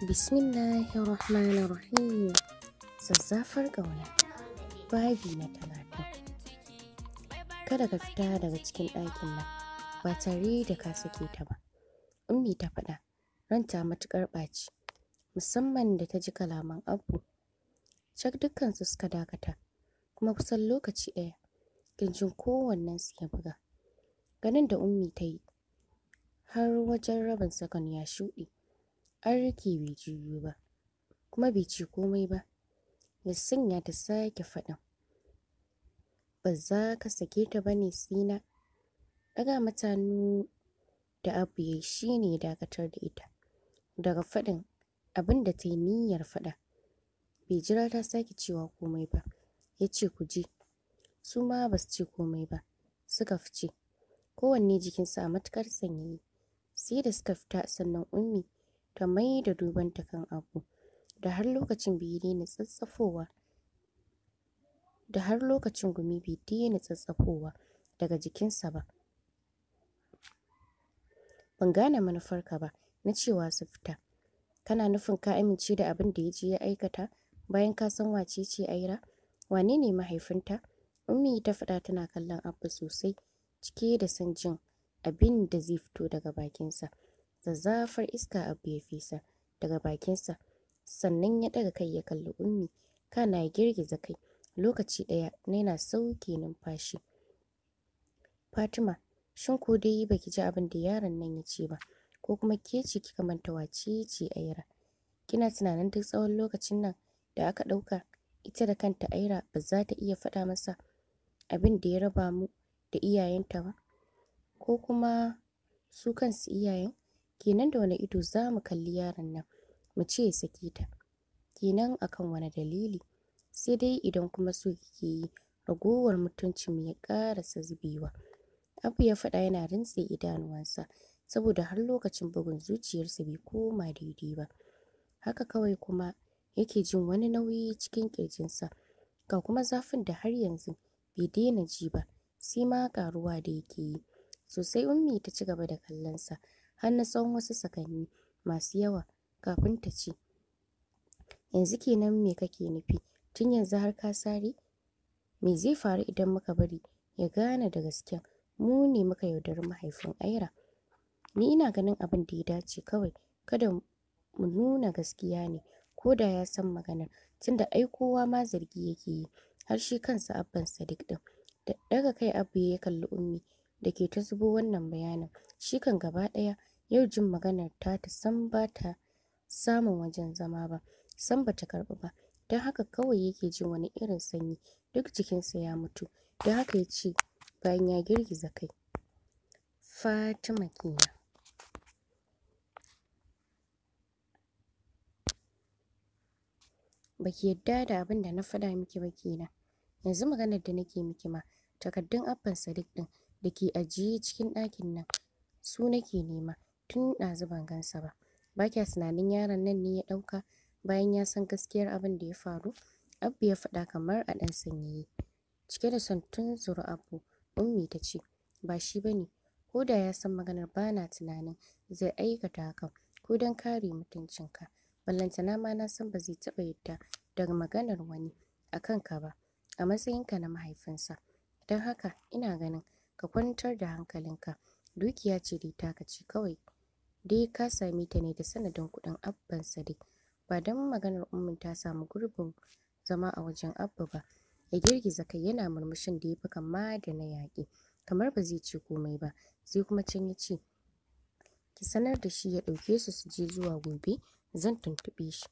Bismillahirrahmanirrahim. Sassafar ƙauna. Babi na talatin. Kada ka fita daga cikin ɗakin nan ba tare da ka sake ta ba. Ummi ta faɗa, ranta matuƙar ɓaci, musamman da ta ji kalaman abu. Cak dukkansu suka dakata, kuma kusan lokaci ɗaya, kowannen su ya buga. Ganin da Ummi ta yi, har wajen rabin sakon ya shuɗe. an rike bai juyo ba kuma bai ce komai ba ya sanya ta sake faɗin ba za ka sake ta ba ne sina ɗaga mata da abu ya shi ne dakatar da ita daga faɗin abin da ta yi niyyar faɗa bai jira ta sake cewa komai ba ya ce ku je su ma ba su ce komai ba suka fice kowanne jikinsa a matukar sanyi sai da suka fita sannan ummi ta mai da dubanta kan abu da har lokacin bai daina tsatsafowa da har lokacin gumi bai daina tsatsafowa daga jikinsa ba ban gane manufarka ba na cewa su fita kana nufin ka amince da abin da ya je ya aikata bayan ka san wace ce aira wane ne mahaifinta ummi ta faɗa tana kallon abu sosai cike da son jin abin da zai fito daga bakinsa zazzafar iska abu ya fesa daga bakinsa sannan ya daga kai ya kalli ummi kana ya girgiza kai lokaci ɗaya na yana sauke numfashi fatima shin ko dai baki ji abin da yaron nan ya ce ba ko kuma ke ce kika manta wace ce aira kina tunanin duk tsawon lokacin nan da aka ɗauka ita da kanta aira ba za ta iya faɗa masa abin da ya raba mu da iyayenta ba ko kuma su kansu iyayen kenan da wani ido za mu kalli yaron nan mu ce ya sake ta kenan akan wani dalili sai dai idan kuma so kike yi ragowar mutunci mu ya karasa zubewa abu ya faɗa yana rintse idanuwansa saboda har lokacin bugun zuciyarsa bai koma daidai ba haka kawai kuma yake jin wani nauyi cikin kirjinsa ga kuma zafin da har yanzu bai daina ji ba sai ma karuwa da yake yi sosai ummi ta ci gaba da kallonsa har na tsawon wasu sakanni masu yawa kafin ta ce yanzu kenan me kake nufi tun yanzu har ka sare me zai faru idan muka bari ya gane da gasken mu ne muka yaudari mahaifin aira ni ina ganin abin da ya dace kawai kada mu nuna gaskiya ne ko da ya san maganar tunda ai kowa ma zargi yake yi har shi kansa abban sadiq din da daga kai abu ya kalli ummi da ke ta zubo wannan bayanin shi kan gaba ɗaya yau jin maganar ta ta san ba ta samun wajen zama ba san ba ta karɓi ba don haka kawai yake jin wani irin sanyi duk jikinsa ya mutu don haka ya ce bayan ya girgiza kai fatima kenan baki yadda da abin da na faɗa miki ba kenan yanzu maganar da nake miki ma takardun abban sadiq din da ke ajiye cikin ɗakin nan su nake nema tun ɗazu gansa ba ba kya tunanin yaron nan ne ya ɗauka bayan ya san gaskiyar abin da ya faru abu ya faɗa kamar a ɗan sanyaye cike da son tun zuru abu ummi ta ce ba shi ba ne ko da ya san maganar ba na tunanin zai aikata haka ko don kare mutuncinka ballantana ma na san ba zai taɓa yadda daga maganar wani a kanka ba a matsayinka na mahaifinsa don haka ina ganin ka kwantar da hankalinka dukiya ce dai taka ce kawai dai ka same ta ne da sanadin kuɗin abban sadiq ba don maganar ummin ta samu gurbin zama a wajen abba ba ya girgiza kai yana murmushin da ya fi kama da na yaƙi kamar ba zai ce komai ba sai kuma can ya ce ki sanar da shi ya ɗauke su su je zuwa gobe zan tuntuɓe shi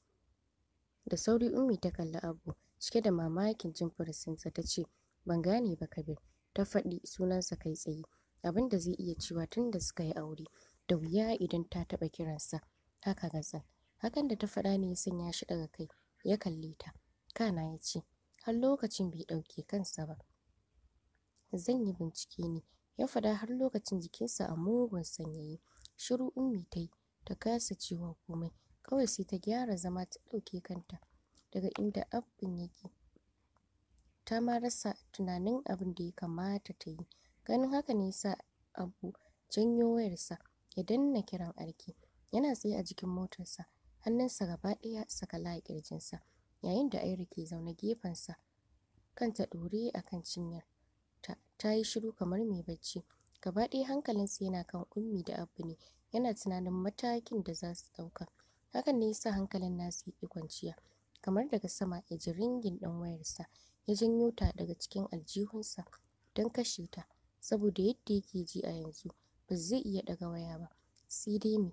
da sauri ummi ta kalli abu cike da mamakin jin farasinsa ta ce ban gane ba kabir ta faɗi sunansa kai tsaye abin da zai iya cewa tun da suka yi aure da wuya idan ta taɓa kiransa haka gazal hakan da ta faɗa ne ya sanya shi daga kai ya kalle ta kana ya ce har lokacin bai ɗauke kansa ba zan yi bincike ne ya faɗa har lokacin jikinsa a mugun sanyayi shiru ummi ta yi ta kasa cewa komai kawai sai ta gyara zama ta ɗauke kanta daga inda abin yake ta ma rasa tunanin abin da ya kamata ta yi ganin haka ne sa abu janyo wayarsa ya danna kiran arki yana tsaye a jikin motarsa hannunsa gaba ɗaya sakala a ƙirjinsa yayin da airi ke zaune gefensa kanta ɗore a kan cinyar ta ta yi shiru kamar mai bacci gaba ɗaya hankalinsa yana kan ummi da abu ne yana tunanin matakin da za su ɗauka hakan ne yasa hankalin nasu yi kwanciya kamar daga sama ya ji ringin ɗan wayarsa ya janyo ta daga cikin aljihunsa don kashe ta saboda yadda yake ji a yanzu ba zai iya ɗaga waya ba sai dai me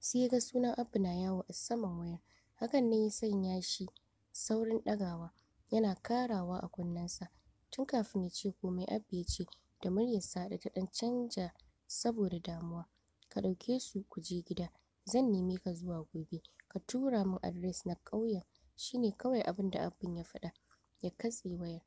sai ga sunan abu na yawo a saman wayar hakan ne ya sanya shi saurin ɗagawa yana karawa a kunnensa tun kafin ya ce komai abu ya ce da muryarsa da ta ɗan canja saboda damuwa ka ɗauke su ku je gida zan nemi ka zuwa gobe ka tura min adres na ƙauyen shine kawai abin da abin ya faɗa ya katse wayar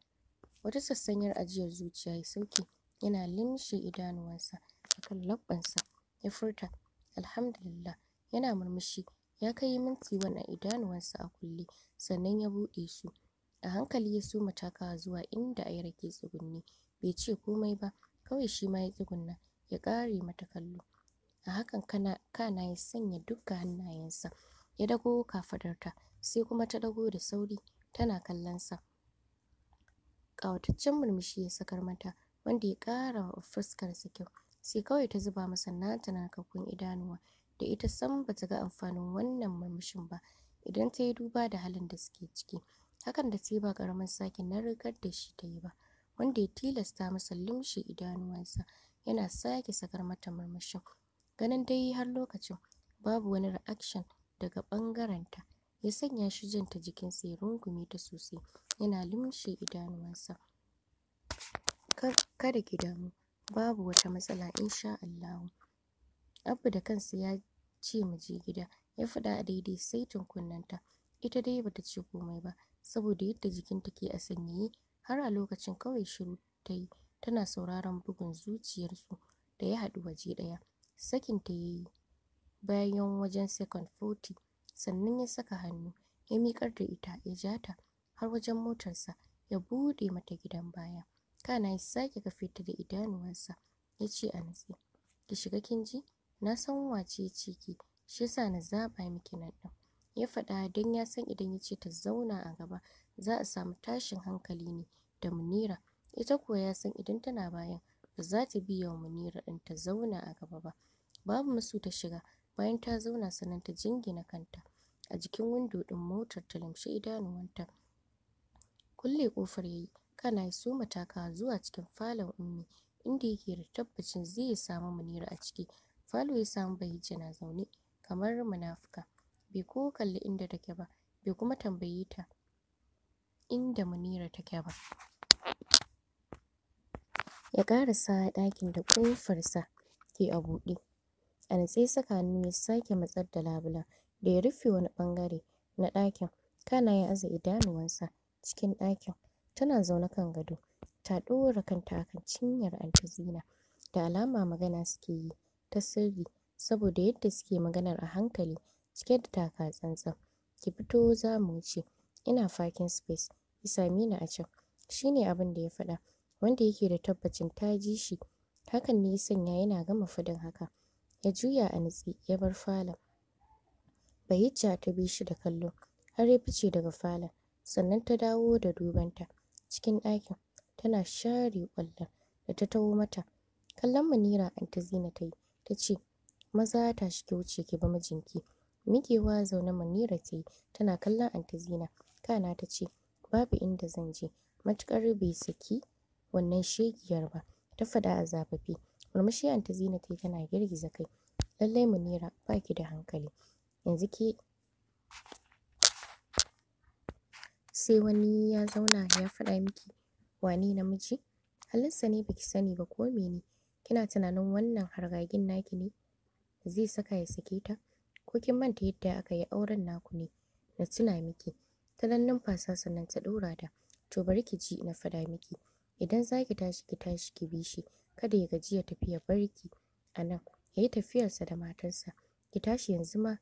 wata sassanyar ajiyar zuciya ya sauke yana limshe idanuwansa akan labbansa ya furta alhamdulillah yana murmushi ya kai minti wannan idanuwansa a kulle sannan ya buɗe su a hankali ya soma takawa zuwa inda ya rake tsugunni bai ce komai ba kawai shi ma ya tsugunna ya ƙare mata kallo a hakan kana kana ya sanya duka hannayensa ya dago kafadarta sai kuma ta dago da sauri tana kallonsa ƙawataccen murmushi ya sakar mata wanda ya kara wa fuskarsa kyau sai kawai ta zuba masa nata kakun idanuwa da ita sam bata ga amfanin wannan murmushin ba idan ta yi duba da halin da suke ciki hakan da sai ba ƙaramin sake rigar da shi ta yi ba wanda ya tilasta masa limshi idanuwansa yana sake sakar mata murmushin ganin dai har lokacin babu wani reaction daga ɓangarenta ya sanya shi jinta jikinsa ya rungume ta sosai yana limshi idanuwansa kada ki damu babu wata matsala insha Allahu. Abba da kansa ya ce mu je gida ya fada a daidai saitin kunnenta. Ita dai bata ce komai ba saboda yadda jikinta ke a sanyaye har a lokacin kawai shiru ta yi tana sauraron bugun zuciyarsu da ya haɗu waje ɗaya. ta ya yi bayan wajen second 40 sannan ya saka hannu ya miƙar da ita ya ja ta har wajen motarsa ya buɗe mata gidan baya. kana ya sake ka fita da idanuwansa ya ce a natsi ki shiga kin ji na san wace ce ki shi yasa na zaba miki nan din? ya faɗa don ya san idan ya ce ta zauna a gaba za a samu tashin hankali ne da munira ita kuwa ya san idan tana bayan ba za ta biya wa munira din ta zauna a gaba ba babu musu ta shiga bayan ta zauna sannan ta jingina kanta a jikin windo din motar ta lamshe idanuwanta kulle kofar yayi kana so mataka zuwa cikin falon ummi inda yake da tabbacin zai samu munira a ciki falo ya samu bahijja na zaune kamar munafuka bai ko kalli inda take ba bai kuma tambaye ta inda munira take ba ya karasa ɗakin da ƙofarsa ke a buɗe a natse tsakanin ya sake matsar da labulen da ya rufe wani ɓangare na ɗakin kana ya aza idanuwansa cikin ɗakin tana zaune kan gado ta ɗora kanta akan cinyar anti da alama magana suke yi ta sirri saboda yadda suke maganar a hankali cike da taka tsantsan ki fito za mu wuce ina fakin space ki same ni a can shine abin da ya faɗa wanda yake da tabbacin ta ji shi hakan ne ya sanya yana gama fadin haka ya juya a nutsi ya bar falon yi ta bi shi da kallo har ya fice daga falon sannan ta dawo da dubanta cikin ɗakin tana share ƙwallon da ta taho mata. Kallon Munira anti Zina ta yi ta ce maza tashi ki wuce ki ba mijinki. mikewa zaune Munira ta yi tana kallon anti Zina kana ta ce babu inda zan je matuƙar bai saki wannan shegiyar ba ta faɗa a zafafi. Murmushi anti Zina ta tana girgiza kai lallai Munira ba ki da hankali yanzu ke sai wani ya zauna ya faɗa miki wane namiji? Halinsa ne baki sani ba ko mene? Kina tunanin wannan hargagin naki ne zai saka ya sake ta? Ko kin manta yadda aka yi auren naku ne? Na tuna miki. Ta dan numfasa sannan ta ɗora da. To bari ki ji na faɗa miki. Idan za ki tashi ki tashi ki bi shi. Kada ya gaji ya tafi ya bar ki a nan. Ya yi tafiyarsa da matarsa. Ki tashi yanzu ma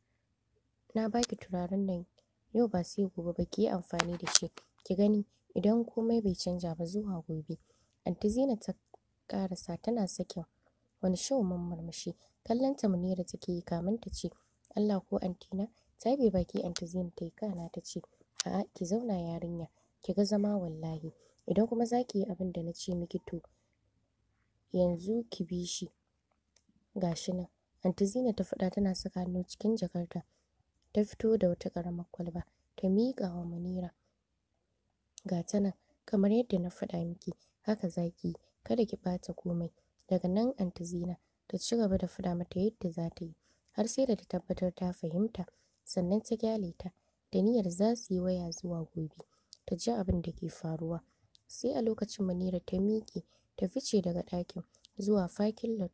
na baki turaren nan yau ba sai gobe ba ki yi amfani da shi ki gani idan komai bai canja ba zuwa gobe anti zina ta karasa tana sakin wani shawman murmushi kallon ta Munira take yi kamin ta ce Allah ko anti na ta bai baki anti zina ta yi kana ta ce a'a ki zauna yarinya ki ga zama wallahi idan kuma za ki yi abin da na ce miki to yanzu ki bi shi gashi nan anti zina ta faɗa tana saka hannu cikin jakarta ta fito da wata ƙaramar kwalba ta miƙa wa Munira. Ga ta nan, kamar yadda na faɗa miki, haka za ki yi, kada ki ɓata komai. Daga nan ta Zina ta ci gaba da faɗa mata yadda za ta yi, har sai da ta tabbatar ta fahimta, sannan ta gyale ta da niyyar za su yi waya zuwa gobe, ta ji abin da ke faruwa. Sai a lokacin Munira ta miƙe, ta fice daga ɗakin zuwa fakin lot.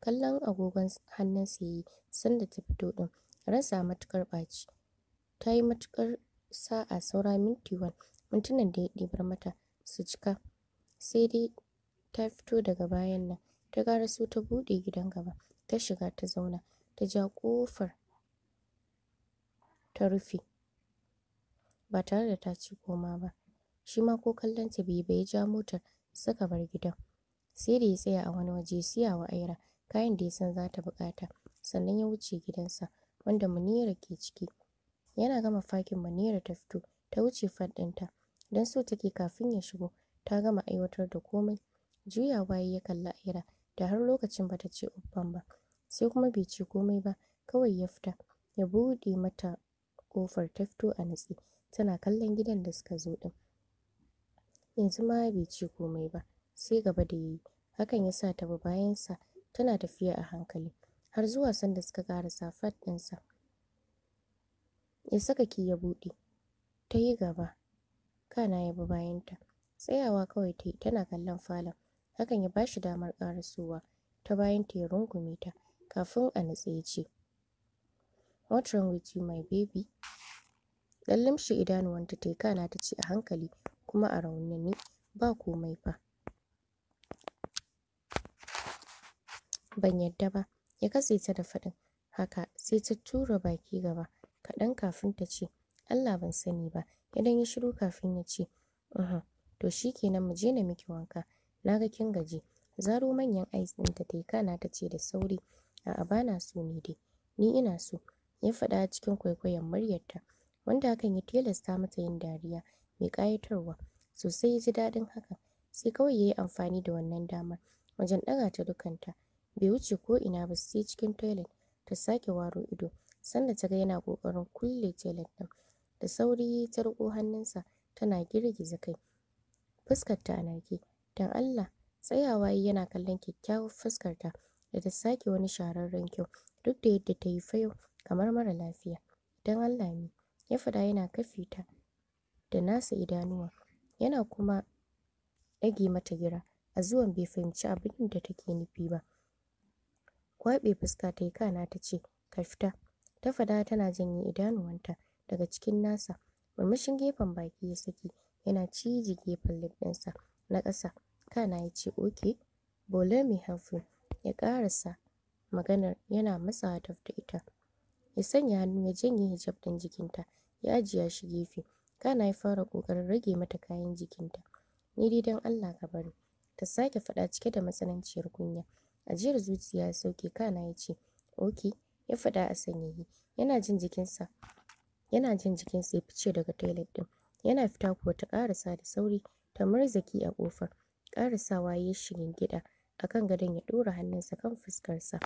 Kallon agogon hannunsa ya yi sanda ta fito ɗin. rasa matukar ɓaci ta yi matukar sa'a saura minti wan mintunan da ya ɗibar mata su cika sai dai ta fito daga bayan nan ta gara su ta buɗe gidan gaba ta shiga ta zauna ta ja ƙofar ta rufe ba tare da ta ci koma ba shi ma ko kallon ta bai bai ja motar suka bar gidan sai da ya tsaya a wani waje siya wa aira kayan da ya san za ta bukata sannan ya wuce gidansa wanda Munira ke ciki. Yana gama fakin Munira ta fito ta wuce faɗinta don so take kafin ya shigo ta gama aiwatar da komai. juya waye ya kalla Aira da har lokacin bata ce uban ba sai kuma bai ce komai ba kawai ya fita ya bude mata kofar ta fito a natse tana kallon gidan da suka zo ɗin. Yanzu ma bai ce komai ba sai gaba da yi hakan ya sa ta bayan bayansa tana tafiya a hankali. har zuwa sanda suka ƙara safar ɗinsa. Ya saka ki ya buɗe, ta yi gaba, kana ya bi bayanta. Tsayawa kawai ta yi tana kallon falon, hakan ya ba shi damar ƙarasowa ta bayanta ya rungume ta kafin a natsa ya ce. What wrong with you my baby? Dan idanuwanta ta yi kana ta ce a hankali kuma a raunani ba komai fa. Ban yadda ba. ya katse ta da faɗin haka sai ta tura baki gaba kaɗan kafin ta ce Allah ban sani ba idan ya shiru kafin ya ce uh-huh to shikenan mu je na miki wanka na ga kin gaji zaro manyan ice ɗin ta kai kana ta ce da sauri a'a bana so ni dai ni ina so ya faɗa cikin kwaikwayon muryarta wanda hakan ya tilasta mata yin dariya mai ƙayatarwa sosai ya ji daɗin haka sai kawai ya yi amfani da wannan dama wajen ɗaga ta dukanta bai wuce ko ina ba sai cikin toilet ta sake waro ido sanda ta ga yana kokarin kulle toilet din da sauri ta riko hannunsa tana girgiza kai fuskar ta ke dan Allah tsayawa yana kallon kyakkyawar fuskar ta da ta sake wani shararren kyau duk da yadda ta yi fayo kamar mara lafiya dan Allah ne ya fada yana kafe ta da nasa idanuwa yana kuma ɗage mata gira a zuwan bai fahimci abin da take nufi ba kwaɓe fuska ta yi kana ta ce ka fita ta fada tana janye idanuwanta daga cikin nasa murmushin gefen baki ya saki yana ciji gefen lip na ƙasa kana ya ce oke bole mai hafu ya ƙarasa maganar yana matsawa ta fita ita ya sanya hannu ya janye hijab ɗin jikinta ya ajiye shi gefe kana ya fara ƙoƙarin rage mata kayan jikinta ni dai don Allah ka bari ta sake faɗa cike da matsananciyar kunya ajiyar zuciya ya sauke kana ya ce ok ya faɗa a sanyayi yana jin jikinsa yana jin jikinsa ya fice daga toilet ɗin yana fita kuwa ta sa da sauri ta murzaki a ƙofar ƙarasawa ya shigin gida a kan gadon ya ɗora hannunsa kan fuskarsa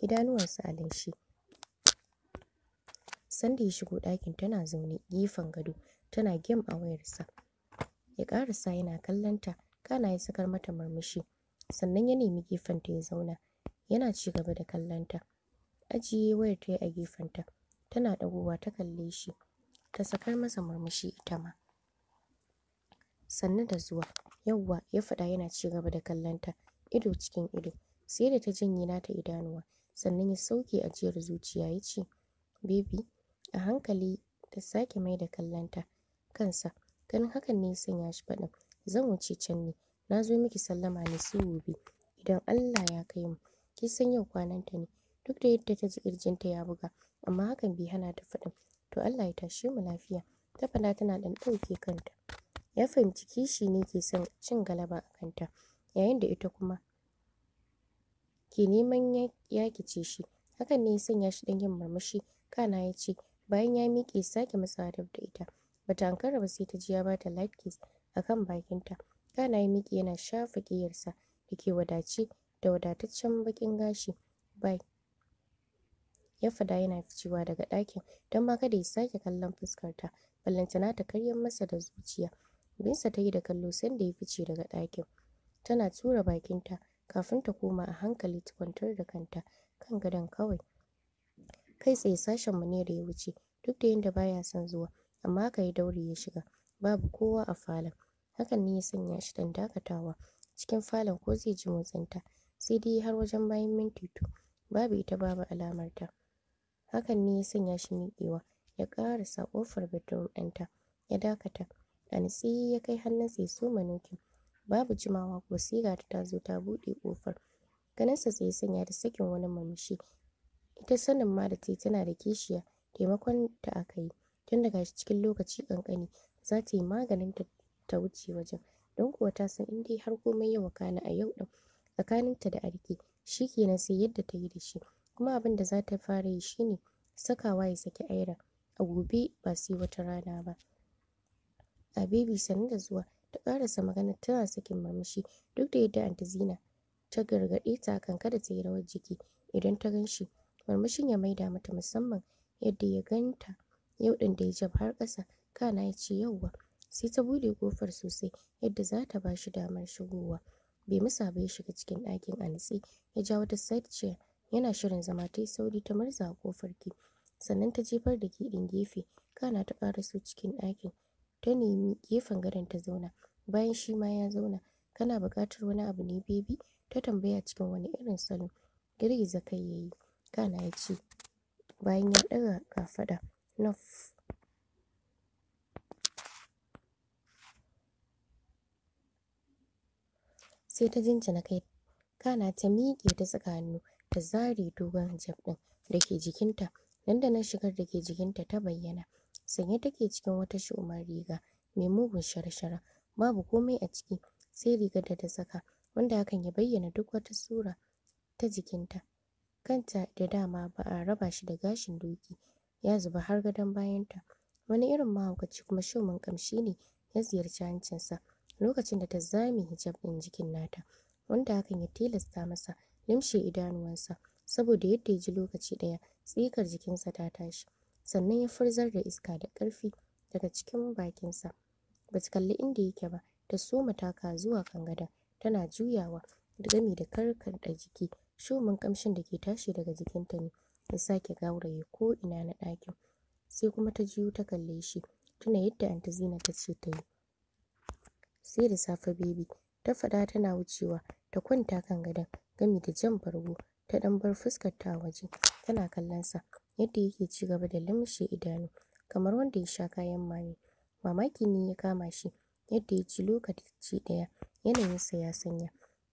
idanuwansa a lanshi sanda ya shigo ɗakin tana zaune gefen gado tana gem a wayarsa ya sa yana kallonta kana ya sakar mata murmushi sannan ya nemi gefenta ya zauna yana ci gaba da kallonta ajiye wayar ta a gefenta tana ɗagowa ta kalle shi ta sakar masa murmushi ita ma sannu da zuwa yawwa ya faɗa yana ci gaba da kallonta ido cikin ido sai da ta janye nata idanuwa sannan ya sauke ajiyar zuciya ya ce bebi a hankali ta sake mai da kallonta kansa ganin hakan ne ya sanya shi faɗin zan wuce can ne na zo miki sallama ne sai gobe idan Allah ya kai mu ki san yau ta ne duk da yadda ta ji ta ya buga amma hakan bai hana ta faɗin to Allah ya tashi mu lafiya ta fada tana dan dauke kanta ya fahimci kishi ne ke son cin galaba a kanta yayin da ita kuma ke neman yakice shi hakan ne ya sanya shi dan yin murmushi kana ya ce bayan ya miƙe sake matsawa da ita bata ankara ba sai ta ji ya bata light kiss akan bakinta kana ya miki yana shafa ƙiyarsa da ke wadace da wadataccen baƙin gashi bai ya fada yana ficewa daga ɗakin don ma kada ya sake kallon fuskar fuskarta ballantana ta karyan masa da zuciya binsa ta yi da kallo sanda ya fice daga ɗakin tana tura bakinta kafin ta koma a hankali ta kwantar da kanta kan gadon kawai kai tsaye sashen mu ne da ya wuce duk da yadda baya son zuwa amma haka ya daure ya shiga babu kowa a falon hakan ne ya sanya shi don dakatawa cikin falon ko zai ji motsinta sai dai har wajen bayan minti tu babu ita babu alamar ta hakan ne ya sanya shi miƙewa ya ƙarasa ƙofar bedroom ɗinta ya dakata a nitsi ya kai hannun sai ya soma nokin babu jimawa ko siga ta zo ta buɗe ƙofar ganinsa sai ya sanya da sakin wani mamashi ita sanin ma da ce tana da kishiya taimakon ta aka yi tun daga cikin lokaci ƙanƙani za ta yi maganin ta. ta wuce wajen don kuwa ta san in dai har komai ya wakana a yau din tsakaninta da arki shi kenan sai yadda ta yi da shi kuma abin da za ta fara yi shine sakawa ya saki aira a gobe ba sai wata rana ba a bebi sanin da zuwa ta karasa magana tana sakin murmushi duk da yadda anti zina ta gargaɗe ta kan kada ta yi rawar jiki idan ta gan shi murmushin ya maida mata musamman yadda ya ganta yau din da ya jab har ƙasa kana ya ce yauwa sai ta bude kofar sosai yadda za ta ba shi damar shigowa bai musa ba ya shiga cikin ɗakin a nutse ya ja wata side chair yana shirin zama ta yi sauri ta murza a kofar ki sannan ta jefar da ɗin gefe kana ta ƙara su cikin ɗakin ta nemi gefen gadon ta zauna bayan shi ma ya zauna kana buƙatar wani abu ne bebi ta tambaya cikin wani irin salo girgiza kai yayi kana ya ce bayan ya ɗaga kafaɗa nuf. sai ta jinjina kai kana ta miƙe ta saka hannu ta zare dogon hijab ɗin da ke jikinta nan da nan shigar da ke jikinta ta bayyana sanye take cikin wata shumar riga mai mugun sharshara babu komai a ciki sai rigar da ta saka wanda hakan ya bayyana duk wata sura ta jikinta kanta da dama ba a raba shi da gashin doki ya zuba har gadon bayanta wani irin mahaukaci kuma shuman kamshi ne ya ziyarci hancinsa lokacin da ta zame hijab ɗin jikin nata wanda hakan ya tilasta masa limshe idanuwansa saboda yadda ya ji lokaci ɗaya tsikar jikinsa ta tashi sannan ya farzar da iska da ƙarfi daga cikin bakinsa ba ta kalli inda yake ba ta soma taka zuwa kan gada tana juyawa gami da karkarɗa jiki shumin kamshin da ke tashi daga jikinta ne ya sake gauraye ko ina na ɗakin sai kuma ta juyo ta kalle shi tuna yadda anti ta ce ta yi sai da safe bebi ta faɗa tana wucewa ta kwanta kan gadon gami da jan bargo ta ɗan bar fuskar ta waje tana kallon sa yadda yake ci gaba da lamshe idanu kamar wanda ya sha kayan maye mamaki ne ya kama shi yadda ya ci lokaci ɗaya yanayinsa ya sanya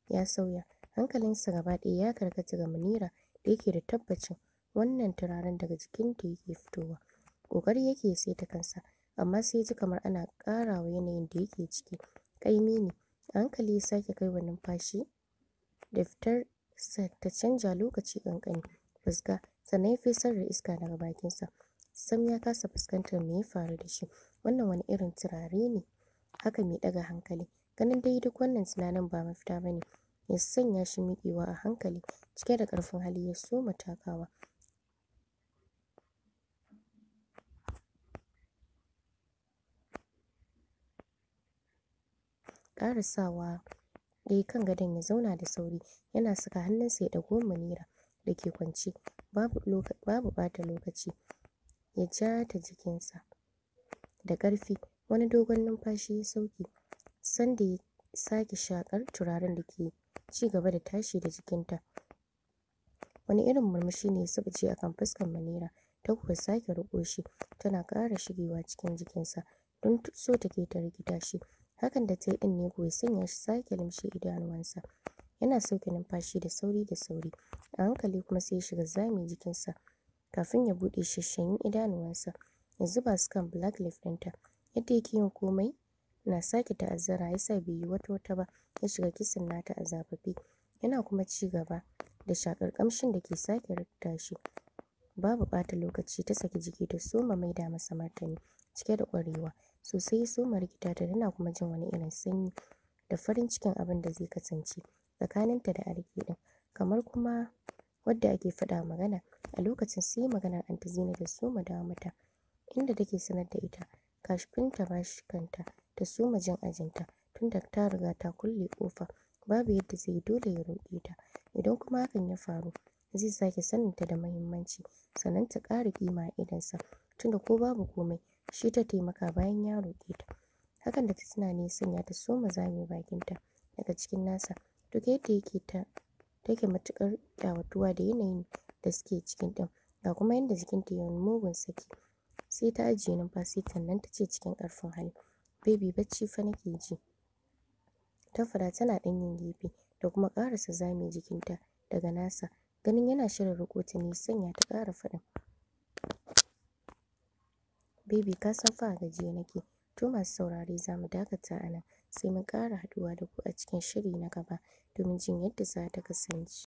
ya sauya hankalinsa gaba ɗaya ya karkata ga munira da yake da tabbacin wannan turaren daga jikin ta yake fitowa ƙoƙari yake sai ta kansa amma sai ji kamar ana ƙara yanayin da yake ciki ƙaimi ne a hankali ya sake kai wa numfashi da fitar ta canja lokaci ƙanƙani fuska sannan ya fesar da iska daga bakinsa sam ya kasa fuskantar me ya faru da shi wannan wani irin turare ne haka mai ɗaga hankali ganin dai duk wannan tunanin ba mafita ba ne ya sanya shi miƙewa a hankali cike da ƙarfin hali ya soma takawa sawa ya yi kan gadon ya zauna da sauri yana saka hannunsa ya ɗago manira da ke kwance babu ɓata lokaci ya ja ta jikinsa da ƙarfi wani dogon numfashi ya sauke sanda ya sake shakar turaren da ke ci gaba da tashi da jikinta wani irin murmushi ne ya ce a kan fuskar manira ta kuwa sake riƙo shi tana ƙara shigewa cikin jikinsa don so take ta rikita shi hakan da ta yi ɗin ne ya sanya shi sake limshe idanuwansa yana sauke numfashi da sauri da sauri a hankali kuma sai ya shiga zame jikinsa kafin ya buɗe shashanyin idanuwansa ya zuba su kan black leaf ɗinta yadda yake yin komai na sake ta'azzara ya sa bai yi wata wata ba ya shiga kisan nata a zafafi yana kuma ci gaba da shakar kamshin da ke sake rikta shi babu ɓata lokaci ta saki jiki ta soma mai masa martani cike da ƙwarewa sosai ya soma rikita ta tana kuma jin wani irin sanyi da farin cikin abin da zai kasance tsakaninta da Aliki din kamar kuma wadda ake faɗa magana a lokacin sai maganar anti Zina da suma da mata inda take sanar da ita kashfin ta bashi kanta ta su jin ajinta tunda ta riga ta kulle kofa babu yadda zai yi dole ya roƙe ta idan kuma hakan ya faru zai sake saninta da muhimmanci sannan ta ƙara kima a sa tunda ko babu komai shi ta taimaka bayan ya roƙe ta hakan da ta tuna ne sanya ta so bakin bakinta daga cikin nasa duk yadda yake ta take matukar kyawatuwa da yanayin da suke cikin ɗin ga kuma yadda jikinta ya mugun saki sai ta ajiye numfashi sannan ta ce cikin karfin hali baby bacci fa nake ji ta fara tana ɗan yin gefe da kuma ƙarasa zame jikinta daga nasa ganin yana shirin riko ta ne sanya ta ƙara faɗin Baby ka san fa a gajiye nake. To masu saurare za mu dakata a nan sai mun ƙara haɗuwa da ku a cikin shiri na gaba domin jin yadda za ta kasance.